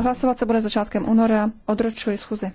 Hlasovat se bude začátkem února. Odročuji schůzi.